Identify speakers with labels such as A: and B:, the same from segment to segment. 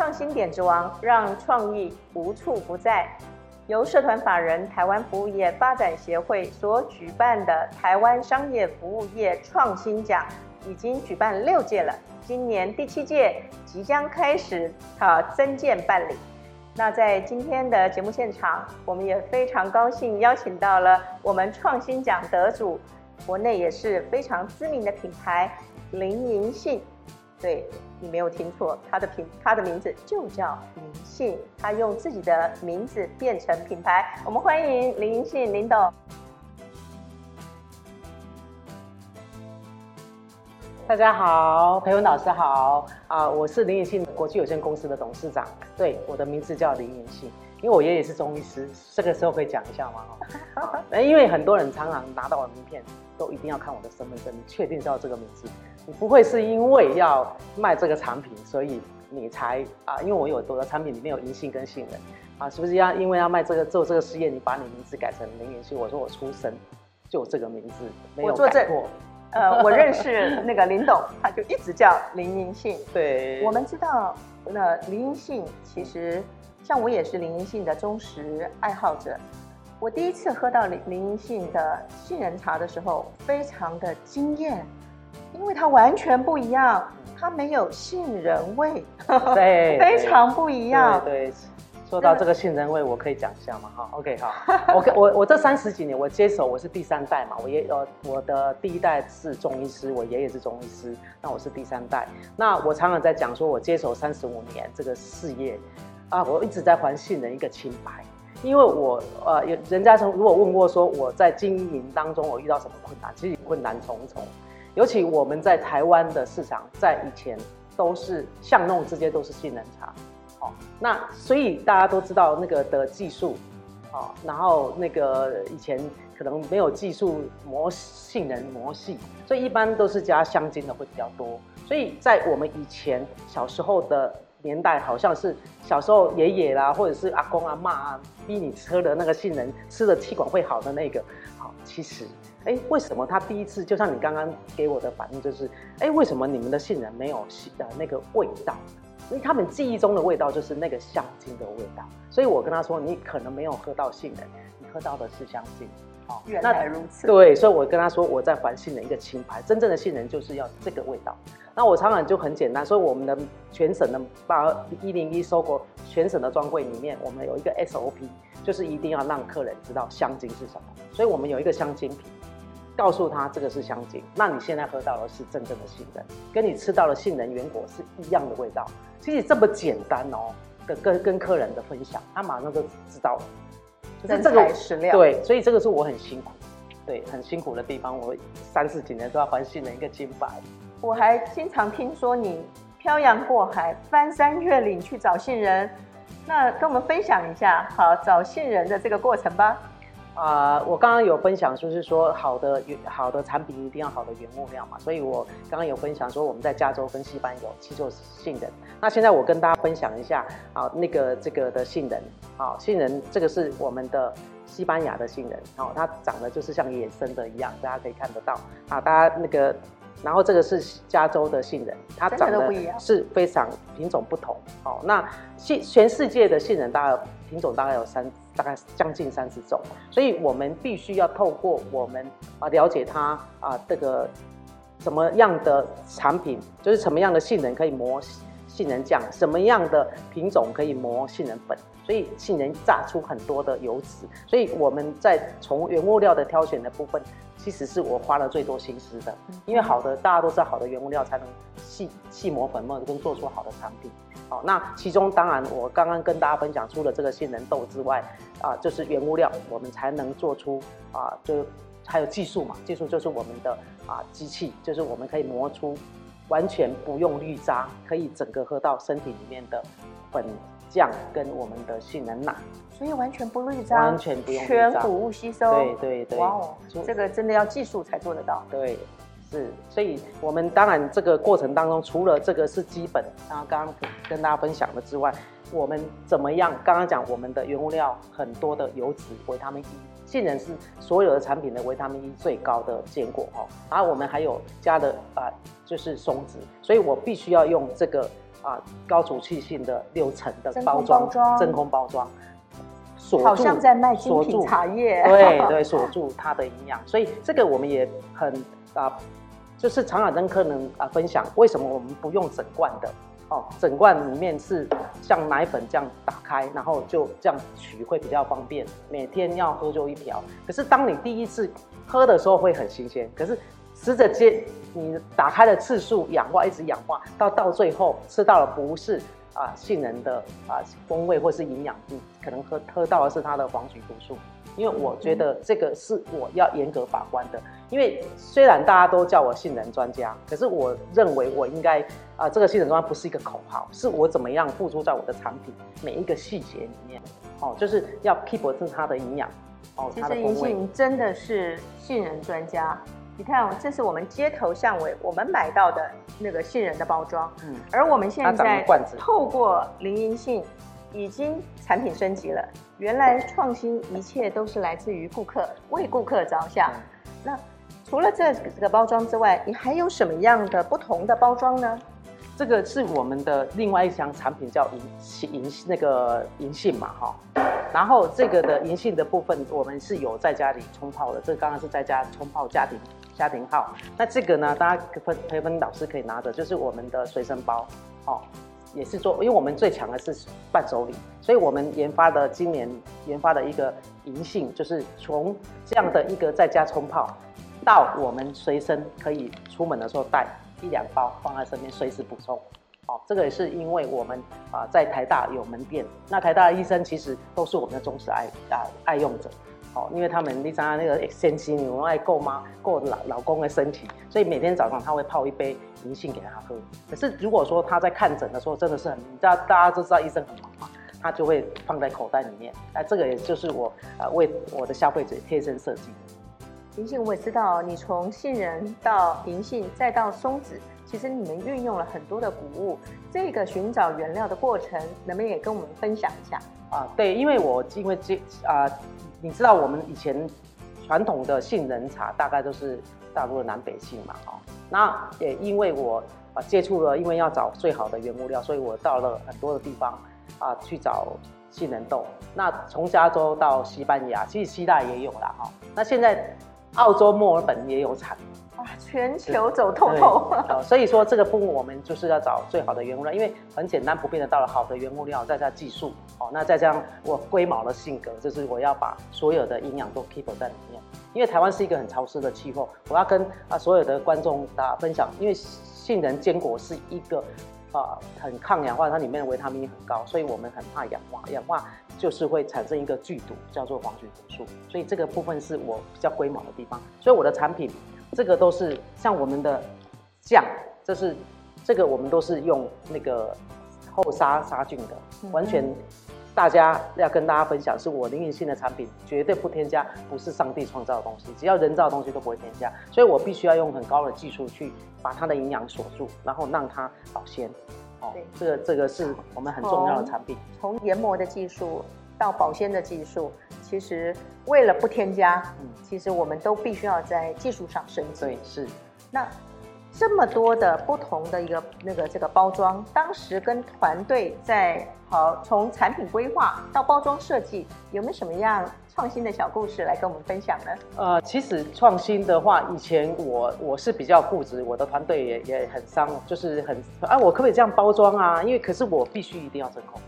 A: 創新點之王，讓創意無處不在。由社團法人台灣服務業發展協會所舉辦的台灣商業服務業創新獎，已經舉辦六屆了，今年第七屆即將開始。好、啊，增建辦理。那在今天的節目現場，我們也非常高興邀請到了我們創新獎得主，國內也是非常知名的品牌林銀杏。對，你沒有聽錯，他的品他的名字就叫林銀杏，他用自己的名字變成品牌。我們歡迎林銀杏林董。
B: 大家好，培文老師好啊、呃，我是林銀杏國際有限公司的董事長。對，我的名字叫林銀杏。因為我爺爺是中醫師，這個時候可以講一下嗎？ 因為很多人常常拿到我的名片，都一定要看我的身份證，你確定叫這個名字？你不會是因為要賣這個產品，所以你才啊、呃？因為我有的多多產品裡面有銀杏跟杏仁，啊、呃，是不是要因為要賣這個做這個事業，你把你名字改成林銀杏。我說我出生就這個名字，沒有改過，我做過。
A: 呃，我認識那個林董， 他就一直叫林銀杏。對，我們知道那林銀杏其實。像我也是林銀杏的忠實愛好者。我第一次喝到林林銀杏的杏仁茶的時候，非常的驚艷，因為它完全不一樣，它沒有杏仁味，對，對，
B: 非常不一樣，對對。對，說到這個杏仁味，我可以講一下嗎？好 OK 好，okay, 好 okay, 我我我這三十幾年，我接手我是第三代嘛，我也呃我的第一代是中醫師，我爺爺是中醫師，那我是第三代。那我常常在講說，我接手三十五年這個事業。啊，我一直在還杏仁一個清白，因為我呃，人家從如果問過說，我在經營當中我遇到什麼困難，其實困難重重，尤其我們在台灣的市場，在以前都是巷弄之間都是杏仁茶。哦，那所以大家都知道那個的技術，哦，然後那個以前可能沒有技術磨杏仁磨細，所以一般都是加香精的會比較多，所以在我們以前小時候的。年代好像是小時候爺爺啦，或者是阿公阿嬤，啊、逼你喝的那個杏仁，吃的氣管會好的那個。好，其實，哎、欸，為什麼他第一次就像你剛剛給我的反應，就是哎、欸，為什麼你們的杏仁沒有呃那個味道？因為他們記憶中的味道就是那個香精的味道。所以我跟他說，你可能沒有喝到杏仁，你喝到的是香精。哦，原來如此。對，所以我跟他說，我在還杏仁一個清白。真正的杏仁就是要這個味道。那我常常就很簡單，所以我們的全省的把一零一收購全省的專櫃裡面，我們有一個 SOP，就是一定要讓客人知道香精是什麼。所以我們有一個香精瓶，告訴他這個是香精，那你現在喝到的是真正的杏仁，跟你吃到的杏仁原果，是一樣的味道。其實這麼簡單哦、喔，跟跟跟客人的分享，他馬上就知道了。就是這個、真材實料。對，所以這個是我很辛苦，對，很辛苦的地方，我三四幾年都要還杏仁一個清白。
A: 我還經常聽說你漂洋過海，翻山越嶺去找杏仁，那跟我們分享一下，好找杏仁的這個過程吧。
B: 啊、呃，我剛剛有分享，就是說好的原好的產品一定要好的原物料嘛，所以我剛剛有分享說我們在加州跟西班牙其實有杏仁。那現在我跟大家分享一下啊，那個這個的杏仁，啊，杏仁這個是我們的西班牙的杏仁，哦、啊，它長得就是像野生的一樣，大家可以看得到。啊，大家那個。然後這個是加州的杏仁，它長得是非常品種不同不哦。那杏全世界的杏仁大概品種大概有三，大概將近三十種，所以我們必須要透過我們啊了解它，啊、呃、這個什麼樣的產品，就是什麼樣的杏仁可以磨，杏仁醬什麼樣的品種可以磨杏仁粉？所以杏仁榨出很多的油脂，所以我們在從原物料的挑選的部分，其實是我花了最多心思的，因為好的大家都知道好的原物料才能細細磨粉末跟做出好的產品。好、哦，那其中當然我剛剛跟大家分享，除了這個杏仁豆之外，啊、呃，就是原物料我們才能做出啊、呃，就還有技術嘛，技術就是我們的啊、呃、機器，就是我們可以磨出。完全不用濾渣，可以整個喝到身體裡面的粉漿跟我們的杏仁奶，
A: 所以完全不濾渣，完全不用濾渣，全穀物吸收，對對對，對對哇哦，出這個真的要技術才做得到，對，
B: 是，所以我們當然這個過程當中，除了這個是基本，剛剛跟大家分享的之外，我們怎麼樣？剛剛講我們的原物料很多的油脂，維他命 E。杏仁是所有的產品的維他命 E 最高的堅果哦，然後我們還有加的啊、呃，就是松子，所以我必須要用這個啊、呃、高阻氣性的六層的包裝，真空包裝，真空包裝鎖住鎖住茶
A: 葉，對對，鎖
B: 住它的營養，所以這個我們也很啊、呃，就是常常跟客人啊、呃、分享為什麼我們不用整罐的。哦，整罐裡面是像奶粉這樣打開，然後就這樣取會比較方便。每天要喝就一瓢，可是當你第一次喝的時候會很新鮮，可是隨著接你打開的次數氧化，一直氧化到到最後吃到了不是啊杏仁的啊、呃、風味或是營養，你、嗯、可能喝喝到的是它的黃麴毒素。因為我覺得這個是我要嚴格把關的，因為雖然大家都叫我杏仁專家，可是我認為我應該啊、呃，這個杏仁專家不是一個口號，是我怎麼樣付出在我的產品每一個細節裡面哦，就是要 keep 正它的營養哦。它的
A: 其實林銀杏真的是杏仁專家，你看、哦，這是我們街頭巷尾我們買到的那個杏仁的包裝，嗯，而我們現在的罐子透過林銀杏，已經產品升級了，原來創新一切都是來自於顧客，為顧客着想。那除了這個包裝之外，你還有什麼樣的不同的包裝呢？
B: 這個是我們的另外一項產品，叫銀銀那個銀杏嘛，哈、哦。然後這個的銀杏的部分，我們是有在家裡沖泡的。這個剛剛是在家沖泡家庭家庭號。那這個呢，大家培培芬老師可以拿着，就是我們的隨身包，哦也是做，因為我們最強的是伴手禮，所以我們研發的今年研發的一個銀杏，就是從這樣的一個在家沖泡，到我們隨身可以出門的時候帶一兩包放在身邊，隨時補充。哦、這個也是因為我們啊、呃，在台大有門店。那台大的醫生其實都是我們的忠實愛啊、呃、愛用者。哦，因為他們你知道那個先生，你們愛夠嗎夠老老公的身體，所以每天早上他會泡一杯銀杏給他喝。可是如果說他在看診的時候，真的是很大家，大家都知道醫生很忙嘛，他就會放在口袋裡面。那、呃、這個也就是我呃為我的消費者貼身設計的。
A: 銀杏，我也知道，你從杏仁到銀杏再到松子。其實你們運用了很多的穀物，這個尋找原料的過程，能不能也跟我們分享一下？
B: 啊，對，因為我因為這啊、呃，你知道我們以前傳統的杏仁茶大概都是大陸的南北杏嘛，哦，那也因為我啊接觸了，因為要找最好的原物料，所以我到了很多的地方啊去找杏仁豆。那從加州到西班牙，其實希臘也有了哈、哦。那現在澳洲墨爾本也有產。
A: 全球走透透，
B: 透、哦、所以說這個部分我們就是要找最好的原物料，因為很簡單，不變得到了好的原物料，再加上技術哦，那再加上我龜毛的性格，就是我要把所有的營養都 keep 在裡面。因為台灣是一個很潮濕的氣候，我要跟啊所有的觀眾大家分享，因為杏仁堅果是一個啊很抗氧化，它裡面的維他命也很高，所以我們很怕氧化，氧化就是會產生一個劇毒，叫做黃麴毒素。所以這個部分是我比較龜毛的地方，所以我的產品。這個都是像我們的醬，這是這個我們都是用那個後殺殺菌的，完全大家要跟大家分享，是我靈隱性的產品，絕對不添加，不是上帝創造的東西，只要人造的東西都不會添加，所以我必須要用很高的技術去把它的營養鎖住，然後讓它保鮮。哦，對這個這個是我們很重要的產
A: 品，從，從研磨的技術。到保鮮的技術，其實為了不添加，嗯，其實我們都必須要在技術上升級。對，是。那這麼多的不同的一個那個這個包裝，當時跟團隊在，好，從產品規劃到包裝設計，有沒有什麼樣創新的小故事來跟我們分享呢？
B: 呃，其實創新的話，以前我我是比較固執，我的團隊也也很傷，就是很，啊，我可不可以這樣包裝啊？因為可是我必須一定要真空。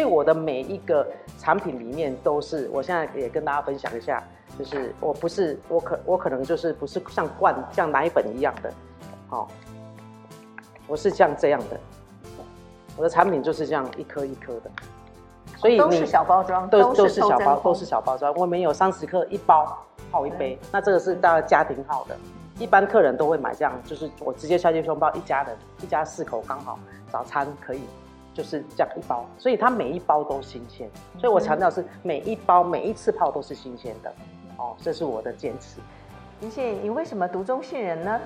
B: 所以我的每一個產品裡面都是，我現在也跟大家分享一下，就是我不是我可我可能就是不是像罐像奶粉一樣的，哦。我是像這樣的，我的產品就是這樣一顆一顆的，
C: 所以都是小包裝，都對都是小包
B: 都是小包裝，對我們有三十克一包泡一杯，對那這個是大家家庭號的，一般客人都會買這樣，就是我直接下去沖泡，泡，一家人一家四口剛好早餐可以。就是這樣一包，所以它每一包都新鮮，所以我強調是每一包每一次泡都是新鮮的哦，這是我的堅持。
A: 林銀杏，你為什麼獨鍾杏仁呢？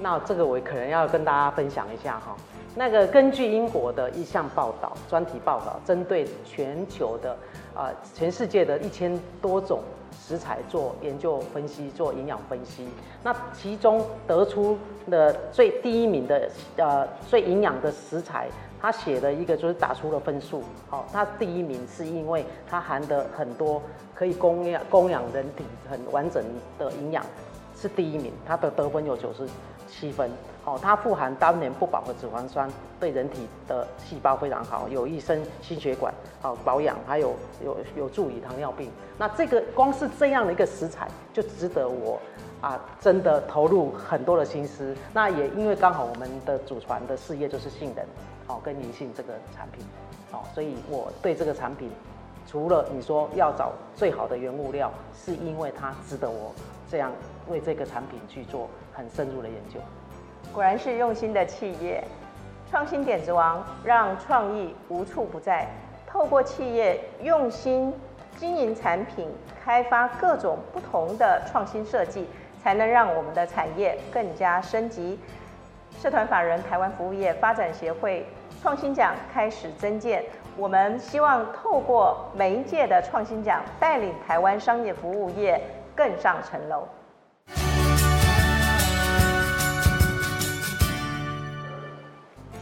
B: 那這個我可能要跟大家分享一下哈。那個根據英國的一項報道，專題報道針對全球的啊，全世界的一千多種食材，做研究分析，做營養分析，那其中得出的最第一名的呃最營養的食材。他寫了一個，就是打出了分數。好、哦，它第一名是因為它含的很多可以供養供養人體很完整的營養，是第一名。它的得分有九十七分。好、哦，它富含單元不飽和脂肪酸，對人體的細胞非常好，有益身心血管啊、哦、保養，還有有有助於糖尿病。那這個光是這樣的一個食材，就值得我啊真的投入很多的心思。那也因為剛好我們的祖傳的事業就是杏仁。哦，跟銀杏這個產品，哦，所以我對這個產品，除了你說要找最好的原物料，是因為它值得我這樣為這個產品去做很深入的研究。
A: 果然是用心的企業，創新點子王，讓創意無處不在。透過企業用心經營產品，開發各種不同的創新設計，才能讓我們的產業更加升級。社團法人台灣服務業發展協會。創新獎開始增建，我們希望透過每一屆的創新獎，帶領台灣商業服務業更上層樓。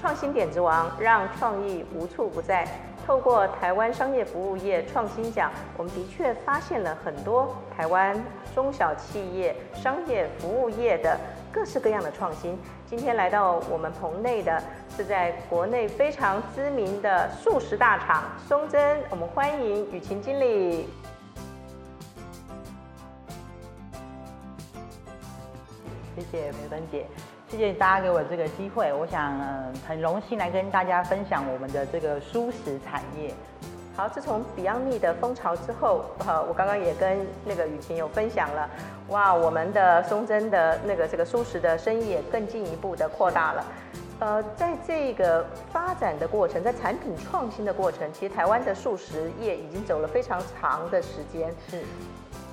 A: 創新點子王，讓創意無處不在。透過台灣商業服務業創新獎，我們的確發現了很多台灣中小企業商業服務業的。各式各樣的創新。今天來到我們棚內的是在國內非常知名的素食大廠松珍，我們歡迎雨晴經理。謝謝梅芬姐，
C: 謝謝大家給我這個機會，我想很榮幸來跟大家分享我們的這個素食產業。
A: 好，自從 Beyond Meat 的風潮之後，哈、呃，我剛剛也跟那個雨晴有分享了，哇，我們的松珍的那個這個素食的生意也更進一步的擴大了。呃，在這個發展的過程，在產品創新的過程，其實台灣的素食業已經走了非常長的時間。是。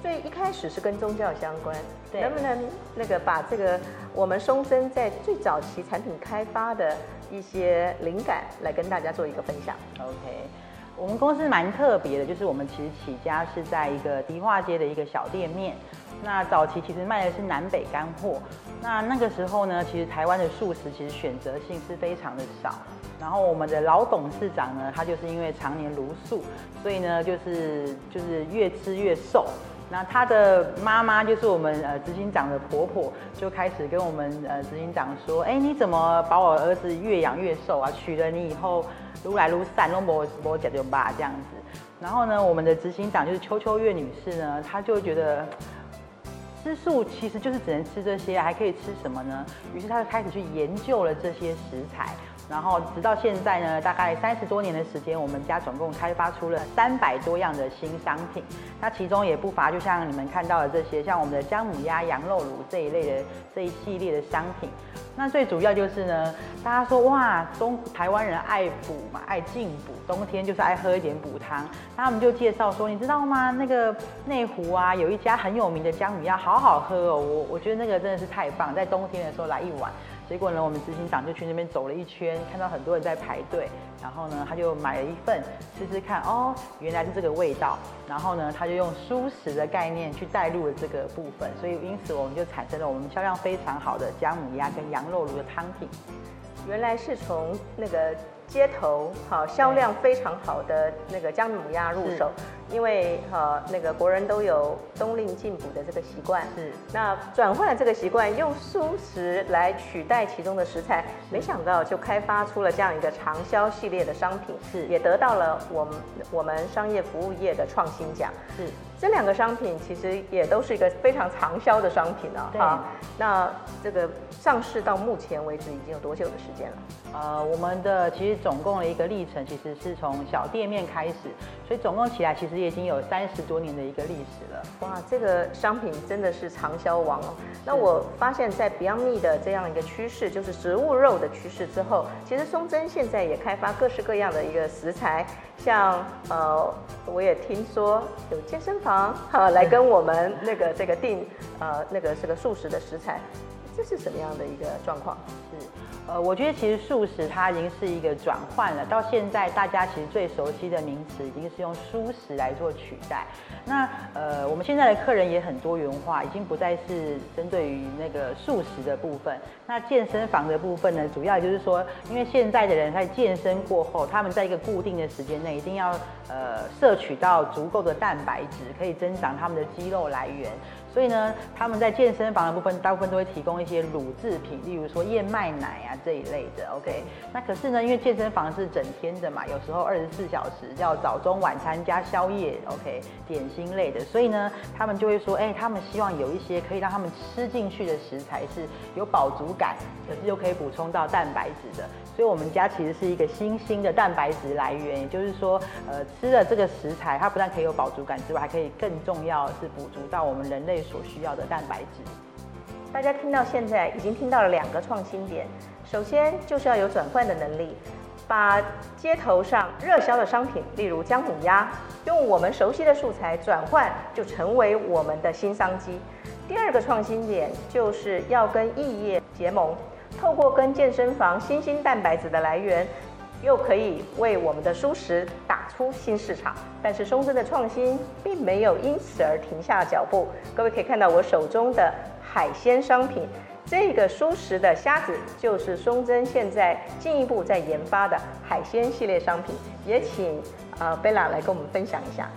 A: 所以一開始是跟宗教相關，對。能不能那個把這個我們松珍在最早期產品開發的一些靈感來跟大家做一個分享
C: ？OK。我們公司蠻特別的，就是我們其實起家是在一個迪化街的一個小店面。那早期其實賣的是南北乾貨。那那個時候呢，其實台灣的素食其實選擇性是非常的少。然後我們的老董事長呢，他就是因為常年茹素，所以呢就是就是越吃越瘦。那他的媽媽就是我們呃執行長的婆婆，就開始跟我們呃執行長說：“哎、欸，你怎麼把我兒子越養越瘦啊？娶了你以後。”如來如散，弄不不講究吧，這樣子。然後呢，我們的執行長就是邱秋，秋月女士呢，她就覺得吃素其實就是只能吃這些，還可以吃什麼呢？於是她就開始去研究了這些食材。然後直到現在呢，大概三十多年的時間，我們家總共開發出了三百多樣的新商品。那其中也不乏，就像你們看到的這些，像我們的薑母鴨、羊肉滷這一類的這一系列的商品。那最主要就是呢，大家說哇，中台灣人愛補嘛，愛進補，冬天就是愛喝一點補湯。那我們就介紹說，你知道嗎？那個內湖啊，有一家很有名的薑母鴨，好好喝哦。我我覺得那個真的是太棒，在冬天的時候來一碗。結果呢，我們執行長就去那邊走了一圈，看到很多人在排隊，然後呢，他就買了一份試試看，哦，原來是這個味道，然後呢，他就用蔬食的概念去帶入了這個部分，所以因此我們就產生了我們銷量非常好的薑母鴨跟
A: 羊肉爐的湯品。原來是從那個街頭好、啊、銷量非常好的那個薑母鴨入手，是因為哈、啊、那個國人都有冬令進補的這個習慣，嗯是，那轉換了這個習慣，用素食來取代其中的食材，是沒想到就開發出了這樣一個長銷系列的商品，是也得到了我們我們商業服務業的創新獎，是。這兩個商品其實也都是一個非常長銷的商品呢、啊。哈對，那這個上市到目前為止已經有多久的時間了？
C: 呃，我們的其實總共的一個歷程，其實是從小店面開始，所以總共起來其實已經有三十多年的一個歷史了。哇，
A: 這個商品真的是暢銷王哦。是那我發現，在 Beyond Meat 的這樣一個趨勢，就是植物肉的趨勢之後，其實松珍現在也開發各式各樣的一個食材，像呃，我也聽說有健身房哈是來跟我們那個這個訂呃那個這個素食的食材。這是什麼樣的一個
C: 狀況？是，呃，我覺得其實素食它已經是一個轉換了，到現在大家其實最熟悉的名詞已經是用蔬食來做取代。那呃，我們現在的客人也很多元化，已經不再是針對於那個素食的部分。那健身房的部分呢，主要就是說，因為現在的人在健身過後，他們在一個固定的時間內一定要呃攝取到足夠的蛋白質，可以增長他們的肌肉來源。所以呢，他們在健身房的部分，大部分都會提供一些乳製品，例如說燕麥奶啊這一類的。OK，對那可是呢，因為健身房是整天的嘛，有時候二十四小時叫早中晚餐加宵夜。OK，點心類的，所以呢，他們就會說，哎、欸，他們希望有一些可以讓他們吃進去的食材是有飽足感，可是又可以補充到蛋白質的。所以，我們家其實是一個新興的蛋白質來源，也就是說，呃，吃了這個食材，它不但可以有飽足感之外，還可以更重要是補
A: 足到我們人類。所需要的蛋白質，大家聽到現在已經聽到了兩個創新點。首先就是要有轉換的能力，把街頭上熱銷的商品，例如薑母鴨，用我們熟悉的素材轉換，就成為我們的新商機。第二個創新點就是要跟異業結盟，透過跟健身房新興蛋白質的來源。又可以為我們的蔬食打出新市場，但是松珍的創新並沒有因此而停下腳步。各位可以看到我手中的海鮮商品，這個蔬食的蝦子就是松珍現在進一步在研發的海鮮系列商品。也請呃貝拉來跟我們分享一下。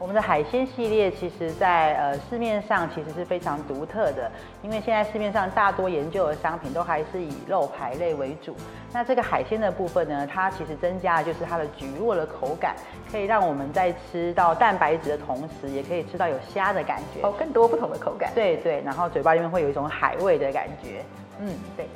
C: 我們的海鮮系列其實在，在呃市面上其實是非常獨特的，因為現在市面上大多研究的商品都還是以肉排類為主。那這個海鮮的部分呢，它其實增加的就是它的蒟蒻的口感，可以讓我們在吃到蛋白質的同時，也可以吃到有蝦的感覺。哦，更多不同的口感。對對，然後嘴巴裡面會有一種海味的感覺。嗯，
A: 對。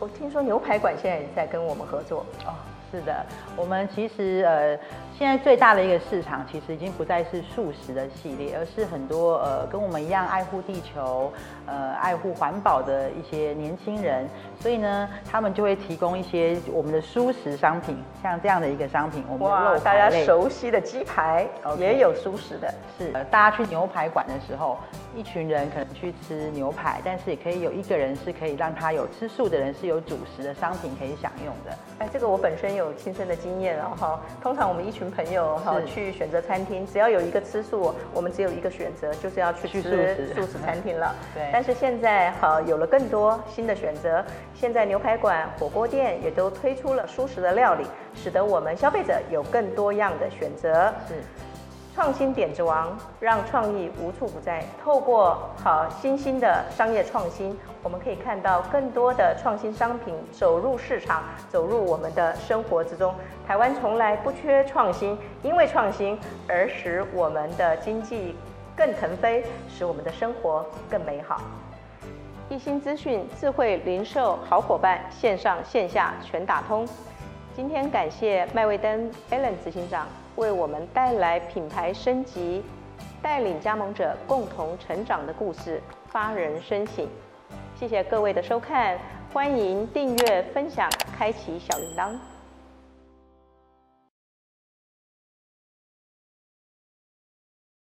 A: 我聽說牛排館現在也在跟我們合作哦。是的，
C: 我們其實呃，現在最大的一個市場其實已經不再是素食的系列，而是很多呃跟我們一樣愛護地球、呃、愛護環保的一些年輕人，所以呢，他們就會提供一些我們的素食商品，像這樣的一個商品，我們肉排類，大家熟悉
A: 的雞排 okay, 也有素食
C: 的，是、呃，大家去牛排館的時候，一群人可能去吃牛排，但是也可以有一個人是可以讓他有吃素的人是有主食的商品可以享用的。
A: 哎，這個我本身有。有親身的經驗，然後通常我們一群朋友哈去選擇餐廳，是只要有一個吃素，我們只有一個選擇，就是要去吃素食餐廳了。食嗯、對，但是現在哈有了更多新的選擇，現在牛排館、火鍋店也都推出了素食的料理，使得我們消費者有更多樣的選擇。是。創新點子王，讓創意無處不在。透過好、啊、新興的商業創新，我們可以看到更多的創新商品走入市場，走入我們的生活之中。台灣從來不缺創新，因為創新而使我們的經濟更騰飛，使我們的生活更美好。一心資訊，智慧零售好夥伴，線上線下全打通。今天感謝麥味登 Allen 執行長。為我們帶來品牌升級，帶領加盟者共同成長的故事，發人深省。謝謝各位的收看，歡迎訂閱、分享、開啟小鈴鐺。